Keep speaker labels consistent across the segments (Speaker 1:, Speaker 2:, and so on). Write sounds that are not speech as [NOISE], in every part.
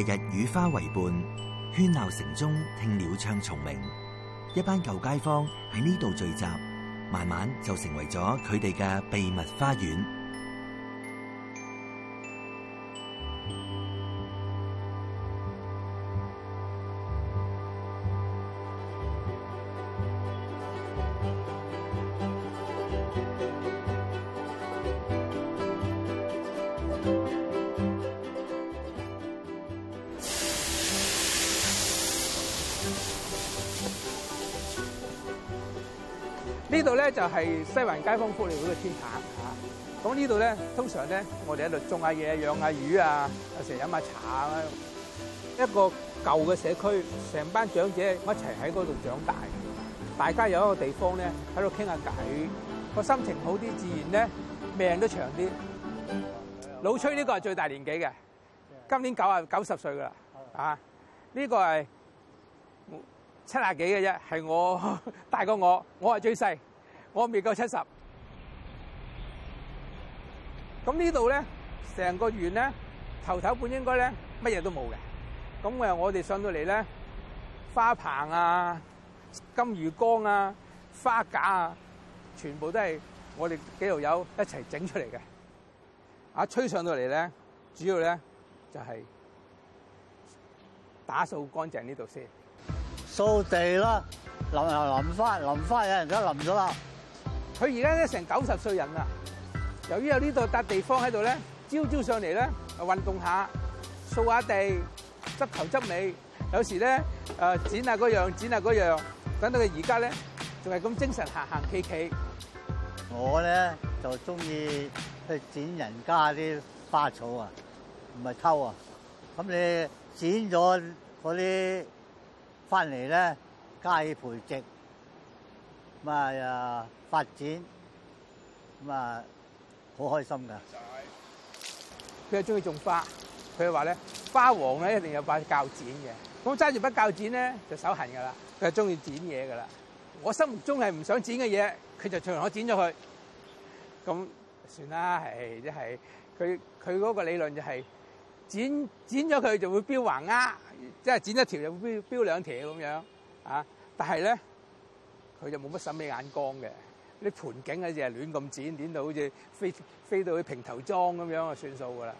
Speaker 1: 日日與花為伴，喧鬧城中聽鳥唱蟲鳴，一班舊街坊喺呢度聚集，慢慢就成為咗佢哋嘅秘密花園。
Speaker 2: 呢度咧就係西環街坊福利會嘅天棚吓，咁呢度咧通常咧我哋喺度種下嘢、養下魚啊，成日飲下茶啊，一個舊嘅社區，成班長者一齊喺嗰度長大，大家有一個地方咧喺度傾下偈，個心情好啲，自然咧命都長啲。老崔呢個係最大年紀嘅，今年九啊九十歲噶啦，呢、呢個係。七廿幾嘅啫，係我大過我，我係最細，我未夠七十。咁呢度咧，成個園咧，頭頭本應該咧，乜嘢都冇嘅。咁誒，我哋上到嚟咧，花棚啊、金魚缸啊、花架啊，全部都係我哋幾個友一齊整出嚟嘅。啊，吹上到嚟咧，主要咧就係打掃乾淨呢度先。掃地啦，淋油淋返，淋返有人家淋咗啦。佢而家咧成九十歲人啦，由於有呢度笪地方喺度咧，朝朝上嚟咧，運動下，掃下地，執頭執尾，有時咧，誒剪下嗰樣，剪下嗰樣，樣，等到佢而家咧，仲係咁精神逛逛逛，行行
Speaker 1: 企企。我咧就中意去剪人家啲花草啊，唔係偷啊。咁你剪咗嗰啲？翻嚟咧，加培植，咁、嗯、啊發展，咁
Speaker 2: 啊好開心噶。佢又中意種花，佢話咧，花王咧一定有把鉸剪嘅。咁揸住把鉸剪咧就手痕噶啦，佢中意剪嘢噶啦。我心目中係唔想剪嘅嘢，佢就隨我剪咗佢。咁算啦，係即係佢佢嗰個理論就係剪，剪咗佢就會飆橫呃。即係剪一條又會標標兩條咁樣，啊！但係咧，佢就冇乜審美眼光嘅，啲盆景啊就係亂咁剪，剪到好似飛飛到去平頭裝咁樣啊，就算數噶啦。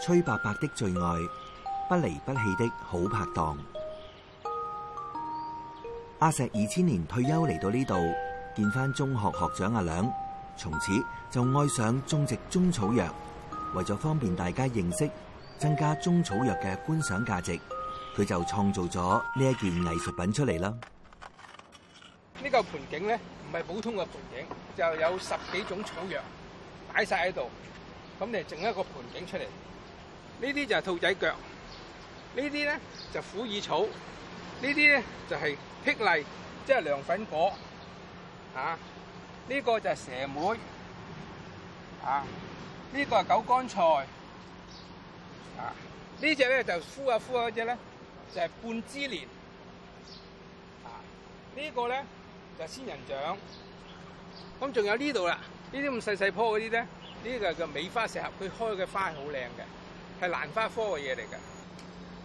Speaker 1: 崔伯伯的最愛，不離不棄的好拍檔。阿石二千年退休嚟到呢度，見翻中學學長阿梁，從此就愛上種植中草藥。為咗方便大家認識。增加中草藥嘅觀賞價值，佢就創造咗呢一件藝術品出嚟啦。
Speaker 2: 呢個盆景咧，唔係普通嘅盆景，就有十幾種草藥擺曬喺度，咁嚟整一個盆景出嚟。呢啲就係兔仔腳，呢啲咧就虎耳草，呢啲咧就係薜荔，即係涼粉果。啊，呢個就係蛇莓。啊，呢個係狗肝菜。啊！呢隻咧就枯啊枯啊嗰隻咧，就係、就是、半枝蓮。啊！這個、呢個咧就是、仙人掌。咁、啊、仲有呢度啦，呢啲咁細細棵嗰啲咧，呢個叫美花石斛，佢開嘅花係好靚嘅，係蘭花科嘅嘢嚟嘅。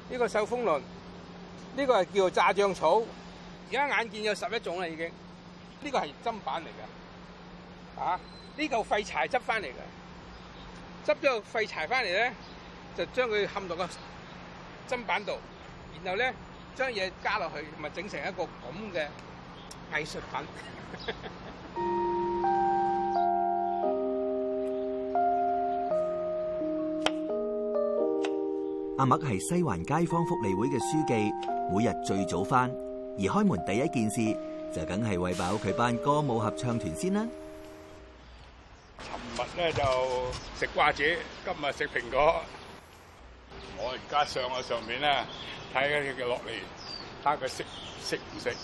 Speaker 2: 呢、這個手風輪，呢、這個係叫做炸醬草。而家眼見有十一種啦，已經。呢個係砧板嚟嘅。啊！呢嚿廢柴執翻嚟嘅，執咗個廢柴翻嚟咧。就將佢冚落個砧板度，然後咧將嘢加落去，咪整成一個咁嘅藝術品。
Speaker 1: [LAUGHS] 阿麥係西環街坊福利會嘅書記，每日最早翻，而開門第一件事就梗係餵飽佢班歌舞合唱團先啦。
Speaker 3: 尋日咧就食瓜子，今日食蘋果。加上我上面咧，睇佢嘅落嚟，睇下佢識識唔識？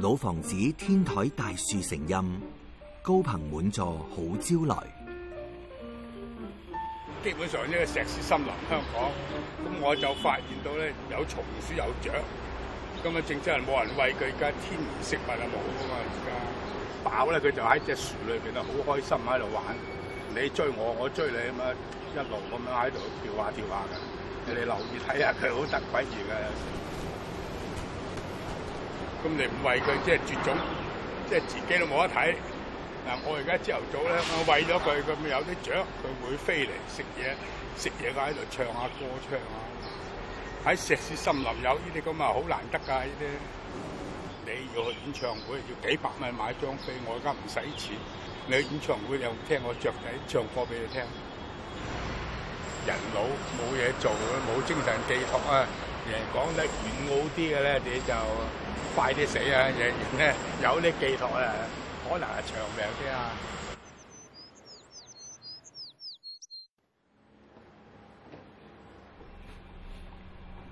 Speaker 1: 老房子天台大樹成蔭，高朋滿座好招來。
Speaker 3: 基本上呢個石屎森林，香港咁我就發現到咧有松鼠有雀，咁啊正真係冇人餵佢，而家天然食物啦冇啊嘛，而家飽咧佢就喺隻樹裏邊啊好開心喺度玩，你追我我追你咁啊一路咁樣喺度跳下跳下嘅，你留意睇下佢好得鬼意嘅，咁你唔餵佢即係絕種，即係自己都冇得睇。嗱，我而家朝頭早咧，我餵咗佢，咁有啲雀，佢會飛嚟食嘢，食嘢佢喺度唱下歌，唱啊！喺石屎森林有呢啲咁啊，好難得㗎呢啲。你要去演唱會要幾百蚊買張飛，我而家唔使錢。你去演唱會又聽我雀仔唱歌俾你聽。人老冇嘢做，冇精神寄託啊！人講得遠好啲嘅咧，你就快啲死啊！人咧有啲寄託啊！可能係長命
Speaker 1: 啲啊！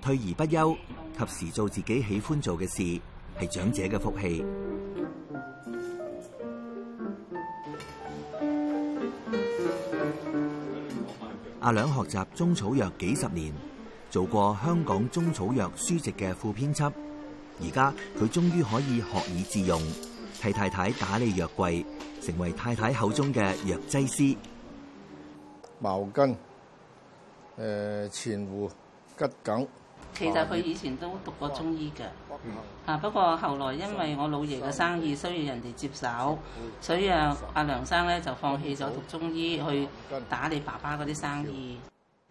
Speaker 1: 退而不休，及時做自己喜歡做嘅事，係長者嘅福氣。阿梁學習中草藥幾十年，做過香港中草藥書籍嘅副編輯，而家佢終於可以學以致用。替太太打理藥櫃，成為太太口中嘅藥劑師。茅根、誒、前胡、
Speaker 4: 桔梗。其實佢以
Speaker 5: 前都讀過中醫嘅，吓、嗯，嗯、不過後來因為我老爺嘅生意需要人哋接手，所以啊，阿梁生咧就放棄咗讀中醫，去打理爸爸嗰啲生意。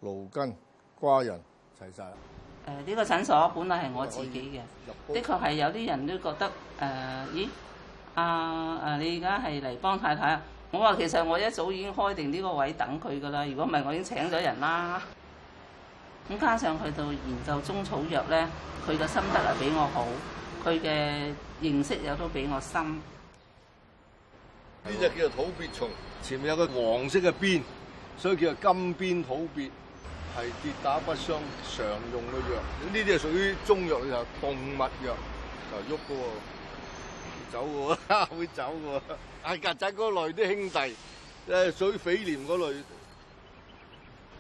Speaker 4: 蘆根、啊、瓜仁，齊晒啦。
Speaker 5: 誒，呢個診所本來係我自己嘅，的確係有啲人都覺得誒、呃，咦？啊啊！你而家係嚟幫太太啊！我話其實我一早已經開定呢個位等佢噶啦，如果唔係我已經請咗人啦。咁加上佢就研究中草藥咧，佢嘅心得係比我好，佢嘅認識又都比我深。
Speaker 4: 呢隻叫做土鱉蟲，前面有個黃色嘅邊，所以叫做金邊土鱉，係跌打不傷常用嘅藥。呢啲係屬於中藥，就是、動物藥就喐噶喎。走嘅、啊、喎，會走嘅、啊、喎。係曱甴嗰類啲兄弟，
Speaker 5: 誒屬匪廉嗰類。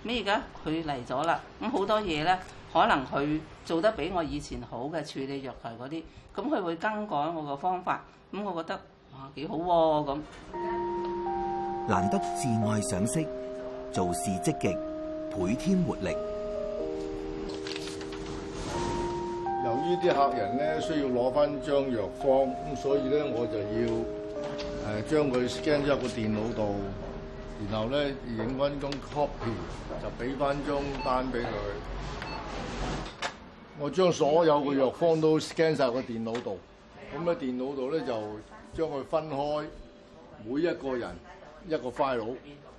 Speaker 5: 咩而家，佢嚟咗啦，咁好多嘢咧，可能佢做得比我以前好嘅處理藥材嗰啲，咁佢會更改我個方法，咁我覺得哇幾好喎、啊、咁。
Speaker 1: 難得自愛賞識，做事積極，倍添活力。
Speaker 4: 呢啲客人咧，需要攞翻張藥方，咁所以咧我就要誒將佢 scan 咗入個電腦度，然後咧影翻張 copy 就俾翻張單俾佢。我將所有嘅藥方都 scan 晒入個電腦度，咁喺電腦度咧就將佢分開，每一個人一個 file。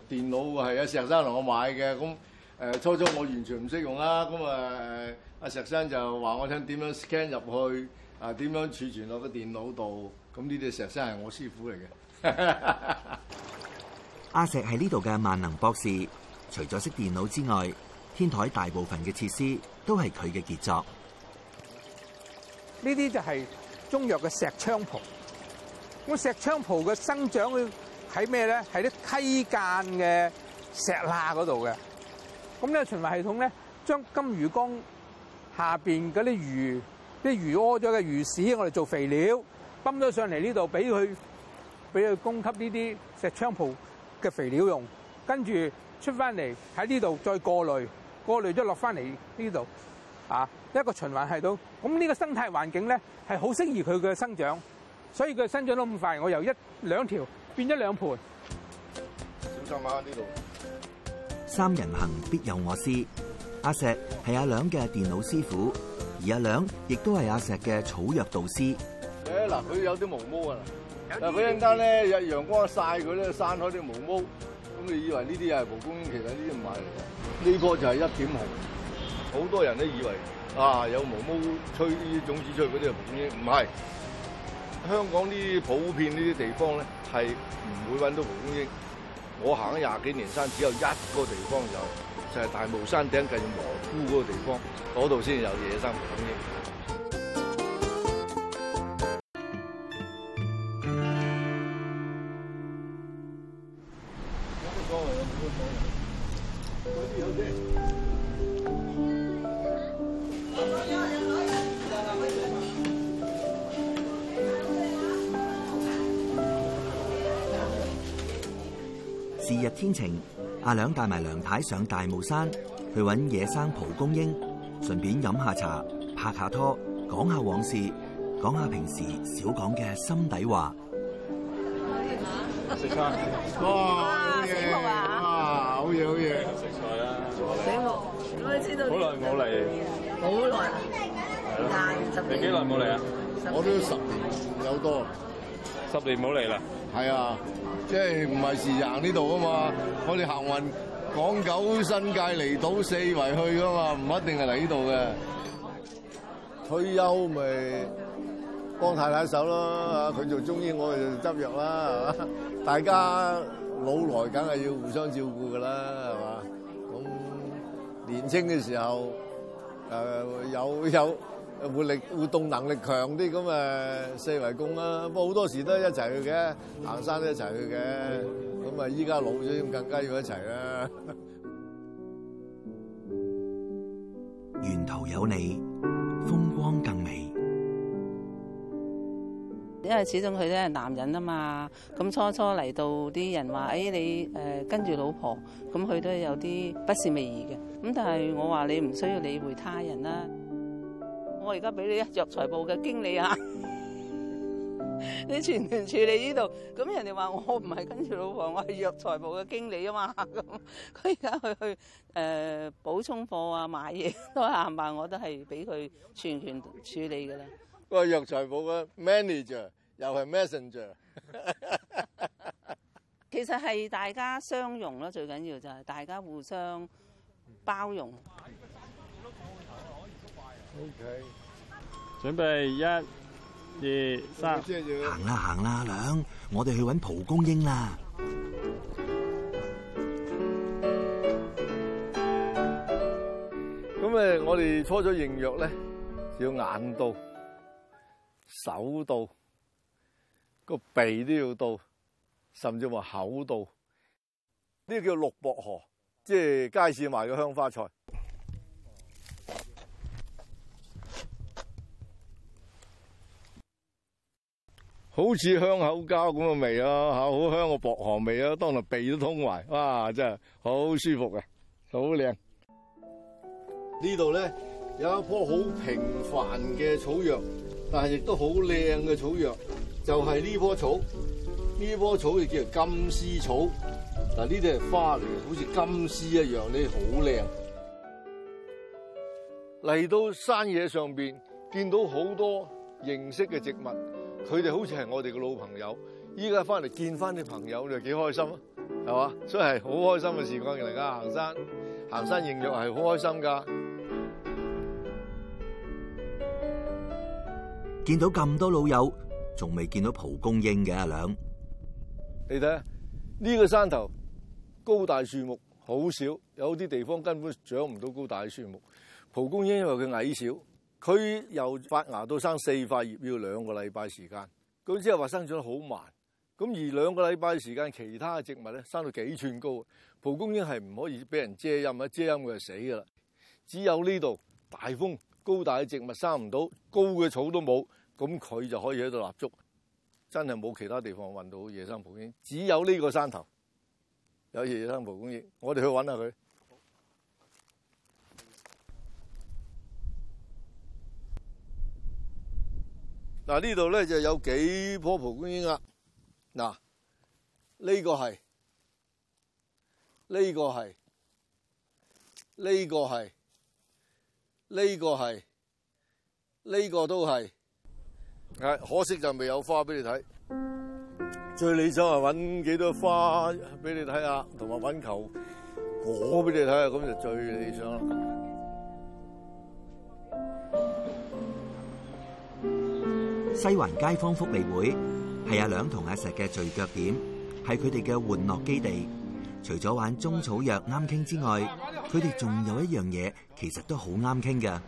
Speaker 4: 電腦係阿石生同我買嘅咁。誒初初我完全唔識用啦，咁啊 [LAUGHS] 阿石生就話我聽點樣 scan 入去啊，點樣儲存落個電腦度咁，呢啲石生係我師傅嚟嘅。
Speaker 1: 阿石係呢度嘅萬能博士，除咗識電腦之外，天台大部分嘅設施都係佢嘅傑作。
Speaker 2: 呢啲就係中藥嘅石菖蒲，咁石菖蒲嘅生長喺咩咧？喺啲溪澗嘅石罅嗰度嘅。咁呢個循環系統咧，將金魚缸下面嗰啲魚、啲魚屙咗嘅魚屎，我哋做肥料，泵咗上嚟呢度，俾佢俾佢供給呢啲石菖蒲嘅肥料用，跟住出翻嚟喺呢度再過濾，過濾咗落翻嚟呢度，啊，一個循環系統。咁呢個生態環境咧係好適宜佢嘅生長，所以佢生長到咁快。我由一兩條變咗兩盤，小心
Speaker 4: 啊！呢度。
Speaker 1: 三人行必有我師。阿石係阿梁嘅電腦師傅，而阿梁亦都係阿石嘅草藥導師。
Speaker 4: 嗱，佢有啲毛毛啊，嗱、嗯，佢一陣間咧有陽光曬，佢咧，散開啲毛毛，咁你以為呢啲係蒲公英？其實呢啲唔係嚟嘅。呢個就係一點紅，好多人都以為啊，有毛毛吹啲種子出嚟嗰啲係蒲公英，唔係。香港呢啲普遍呢啲地方咧，係唔會搵到蒲公英。我行咗廿幾年山，只有一個地方有，就係、是、大霧山頂近蘑菇嗰個地方，嗰度先有野生蒲公英。
Speaker 1: 是日天晴，阿兩帶埋梁太上大帽山去揾野生蒲公英，順便飲下茶、拍下拖、講下往事、講下平時少講嘅心底話。
Speaker 5: 食菜哇！舒服啊！啊，
Speaker 1: 好嘢，好嘢！食菜啦！舒服！我都
Speaker 3: 知道。好耐冇
Speaker 4: 嚟，
Speaker 5: 好耐。
Speaker 3: 你
Speaker 5: 十幾耐冇嚟啊？
Speaker 4: 我都十年有多，十年冇嚟啦。係啊，即係唔係時行呢度啊嘛？我哋行運港九新界離島四圍去噶嘛，唔一定係嚟呢度嘅。退休咪幫太太手咯，佢做中醫，我哋就執藥啦，係嘛？大家老來梗係要互相照顧噶啦，係嘛？咁年輕嘅時候有、呃、有。有活力活動能力強啲，咁誒，四圍公啦，不過好多時都一齊去嘅，行山都一齊去嘅，咁啊依家老咗咁更加要一齊啦。
Speaker 1: 沿途有你，風光更美。
Speaker 5: 因為始終佢都係男人啊嘛，咁初初嚟到啲人話：誒、哎、你誒跟住老婆，咁佢都有啲不是味嘅。咁但係我話你唔需要理會他人啦。我而家俾你藥材部嘅經理啊， [LAUGHS] 你全權處理呢度，咁人哋話我唔係跟住老婆，我係藥材部嘅經理啊嘛。咁佢而家去去誒、呃、補充貨啊，買嘢都行唔行，我都係俾佢全權處理噶啦。個藥材部嘅 manager 又係 messenger [LAUGHS] 其實係大家相容咯，最緊要就係大家互相包容。
Speaker 4: O Okay . OK，準備一二三，行
Speaker 1: 啦行啦，娘，我哋去揾蒲公英啦。
Speaker 4: 咁誒、嗯，我哋初初認藥咧，要眼到、手到、個鼻都要到，甚至話口到，呢個叫綠薄荷，即係街市賣嘅香花菜。好似香口膠咁嘅味咯，好香嘅薄荷味啊，當堂鼻都通埋，哇！真係好舒服呀！好靚。呢度咧，有一棵好平凡嘅草藥，但係亦都好靚嘅草藥，就係呢棵草。呢棵草就叫做金絲草，但呢啲係花嚟，好似金絲一樣，呢，好靚。嚟到山野上邊，見到好多認識嘅植物。佢哋好似係我哋嘅老朋友，依家翻嚟見翻啲朋友，你哋幾開心啊，係嘛？所以係好開心嘅時光嚟噶，行山行山認藥係好開心噶。
Speaker 1: 見到咁多老友，仲未見到蒲公英嘅阿兩。
Speaker 4: 你睇呢個山頭高大樹木好少，有啲地方根本長唔到高大樹木。蒲公英因為佢矮小。佢由發芽到生四塊葉要兩個禮拜時間，佢即係話生長得好慢。咁而兩個禮拜嘅時間，其他嘅植物咧生到幾寸高，蒲公英係唔可以俾人遮蔭，一遮蔭佢就死噶啦。只有呢度大風，高大嘅植物生唔到，高嘅草都冇，咁佢就可以喺度立足。真係冇其他地方搵到野生蒲公英，只有呢個山頭有野生蒲公英，我哋去搵下佢。嗱、啊、呢度咧就有幾棵蒲公英啦，嗱，呢、呢個係，呢、呢個係，呢、呢個係，呢、呢個係呢個都係，唉，可惜就未有花俾你睇，最理想係揾幾多花俾你睇下，同埋揾球果俾你睇啊，咁就最理想啦。
Speaker 1: 西環街坊福利會係阿梁同阿石嘅聚腳點，係佢哋嘅玩樂基地。除咗玩中草藥啱傾之外，佢哋仲有一樣嘢，其實都好啱傾噶。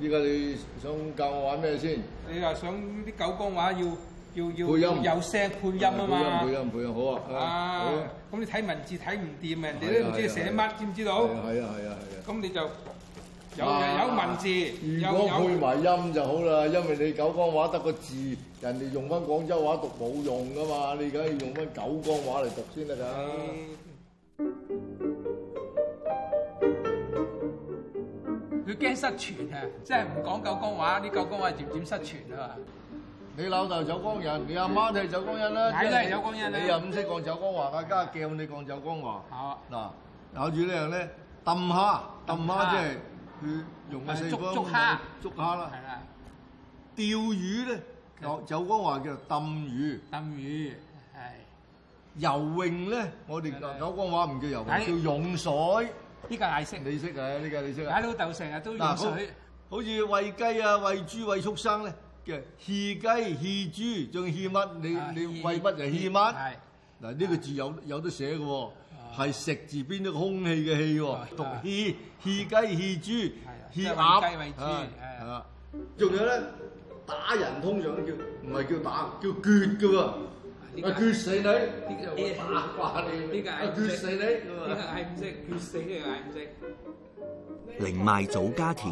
Speaker 2: 依家你想教我玩咩先？你話想啲九江話要要要有
Speaker 1: 聲配音啊嘛？配音，配音，配音好啊！啊，
Speaker 2: 咁你睇文字睇唔掂，人哋都唔知你寫乜，知唔知道？係啊係啊係啊！咁你就。有
Speaker 4: 有文字，如果配埋音就好啦，因為你九江話得個字，人哋用翻廣州話讀冇用噶嘛，你梗係用翻九江話嚟讀先得㗎。
Speaker 2: 佢驚失傳啊，即係唔講九江話，啲九江話漸漸失傳啊嘛。你
Speaker 4: 老豆九江人，你阿媽就係九江人啦，梗係九江人啦。你又唔識講九江話啦，家叫你講九江話。好嗱，咬住呢樣咧，揼下揼下即係。用個四方網捉蝦，捉蝦啦，係啦。釣魚咧，九九江話叫抌魚，抌魚係。游泳咧，我哋九江話唔叫游泳，叫泳水。呢個你識，你識啊？呢個你識啊？喺老豆成日都泳水。好似餵雞啊、餵豬、餵畜生咧，叫餼雞、餼豬，仲要餼乜？你你餵乜就餼乜。係嗱，呢個字有有得寫嘅喎。係食字邊一個空氣嘅氣喎，毒氣，氣雞、氣豬、氣鴨，係啦。仲有咧，打人通常都叫唔係叫打，叫決嘅喎，決死你，打掛你，決死你。你
Speaker 1: 零賣祖家田，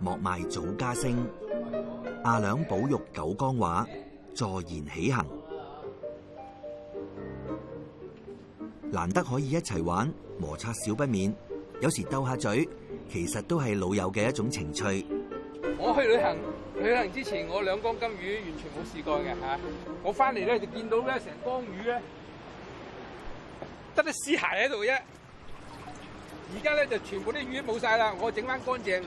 Speaker 1: 莫賣祖家聲。阿兩保育九江話，坐言起行。難得可以一齊玩，摩擦少不免，有時鬥下嘴，其實都係老友嘅一種情趣。
Speaker 2: 我去旅行，旅行之前我兩缸金魚完全冇試過嘅吓，我翻嚟，咧就見到咧成缸魚咧，得啲屍骸喺度啫。而家咧就全部啲魚冇晒啦，我整翻乾淨，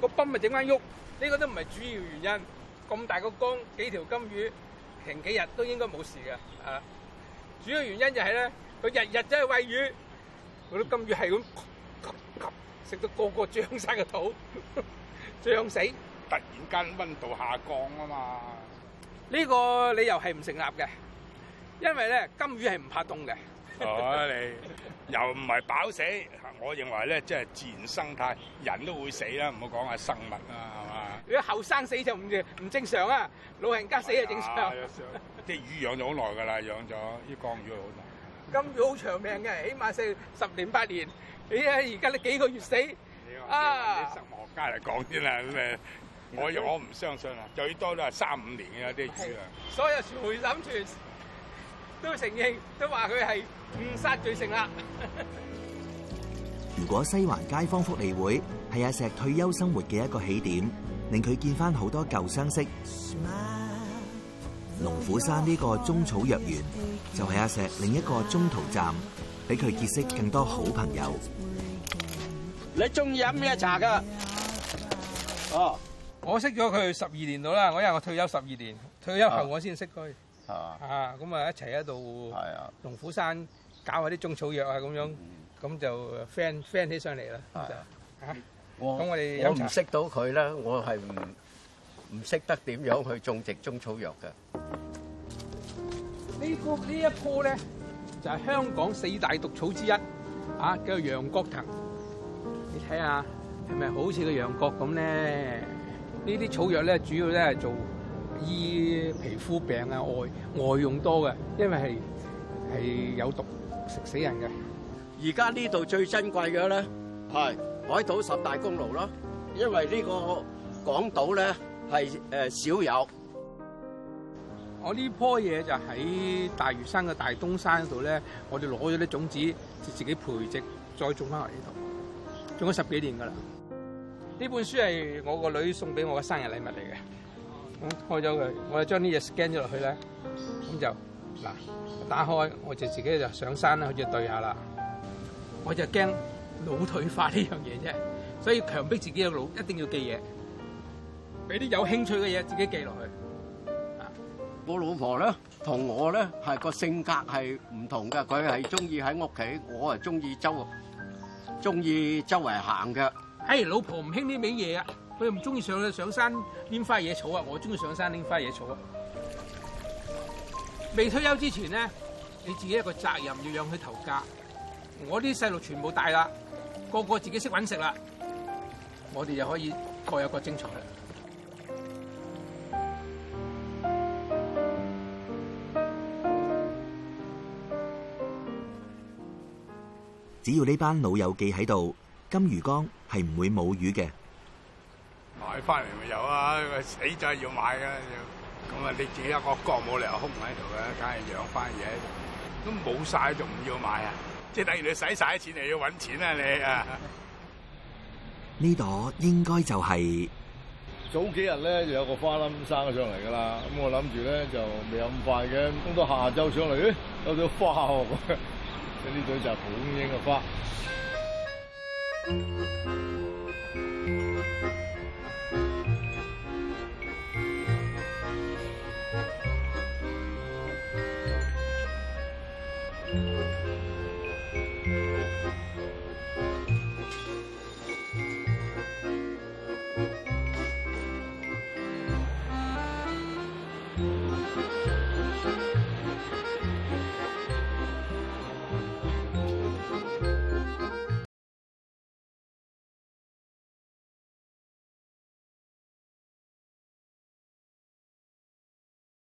Speaker 2: 個泵咪整翻喐，呢個都唔係主要原因。咁大個缸，幾條金魚停幾日都應該冇事嘅啊。主要原因就係咧。佢日日都係餵魚，嗰啲金魚係咁食到個個漲曬個肚，漲死。突然間溫度下降啊嘛，呢個理由係唔成立嘅，因為咧金魚係唔怕凍嘅。
Speaker 3: 啊、哦，你 [LAUGHS] 又唔係飽死？我認為咧，即、就、係、是、自然生態，人都會死啦，唔好講話生物啦，係嘛、啊？你後生死就唔唔正常啊，老人家死就正常。即係、哎、 [LAUGHS] 魚養咗好耐㗎啦，養咗啲江魚好耐。
Speaker 2: 金魚好長命嘅，起碼成十年八年。咦？而家你幾個月死啊？啲
Speaker 3: 生物學家嚟講啲啦，我我唔相信啊！最多都係三五年嘅啲魚啊！
Speaker 2: 所有陪審團都承認，都話佢係誤殺罪成啦。
Speaker 1: 如果西環街坊福利會係阿石退休生活嘅一個起點，令佢見翻好多舊相識。龍虎山呢個中草藥園就係阿石另一個中途站，俾佢結識更多好朋友。
Speaker 2: 你中意飲咩茶噶？哦，我識咗佢十二年到啦，我因為我退休十二年，退休後我先識佢。啊，咁啊一齊喺度龍虎山搞下啲中草藥啊，咁樣咁就 friend friend 起上嚟啦。啊，咁我
Speaker 4: 哋我唔識到佢啦，我係唔。唔識得點樣去種植中草藥
Speaker 2: 嘅。呢個呢一棵咧，就係香港四大毒草之一啊！叫做羊角藤。你睇下係咪好似個羊角咁咧？呢啲草藥咧，主要咧係做醫皮膚病啊，外外用多嘅，因為係係有毒，食死人嘅。
Speaker 4: 而家呢度最珍貴嘅咧，係海島十大功勞咯，因為呢個
Speaker 2: 港島咧。係誒少有，我呢棵嘢就喺大嶼山嘅大東山度咧，我哋攞咗啲種子，就自己培植，再種翻嚟呢度，種咗十幾年噶啦。呢本書係我個女送俾我嘅生日禮物嚟嘅，咁開咗佢，我就將呢嘢 scan 咗落去咧，咁就嗱打開，我就自己就上山啦，好似對下啦。我就驚腦退化呢樣嘢啫，所以強迫自己嘅腦一定要記嘢。俾啲有興趣嘅嘢自己記落去。
Speaker 4: 啊，我老婆咧同我咧係個性格係唔同嘅，佢係中意喺屋企，我係中意周中意周圍行嘅。哎，
Speaker 2: 老婆唔興啲咁嘢啊，佢又唔中意上上山拈花野草啊，我中意上山拈花野草。未退休之前咧，你自己一個責任要養佢頭家。我啲細路全部大啦，個個自己識揾食啦，我哋就可以各有各精彩啦。
Speaker 1: 只要呢班老友記喺度，金魚缸係唔會冇魚嘅。
Speaker 3: 買翻嚟，咪有啊，死仔要買㗎。咁啊，你自己一個角冇理由空喺度嘅，梗係養翻嘢喺度。都冇晒仲唔要買啊？即係等於你使晒啲錢就要搵錢啊你啊！
Speaker 1: 呢朵 [LAUGHS] 應該就係、
Speaker 3: 是、早幾日咧就有個花冧生上嚟噶啦。咁、嗯、我諗
Speaker 4: 住咧就未咁快嘅，咁到下晝上嚟有朵花 [LAUGHS] 呢朵就係蒲公英嘅花。啊。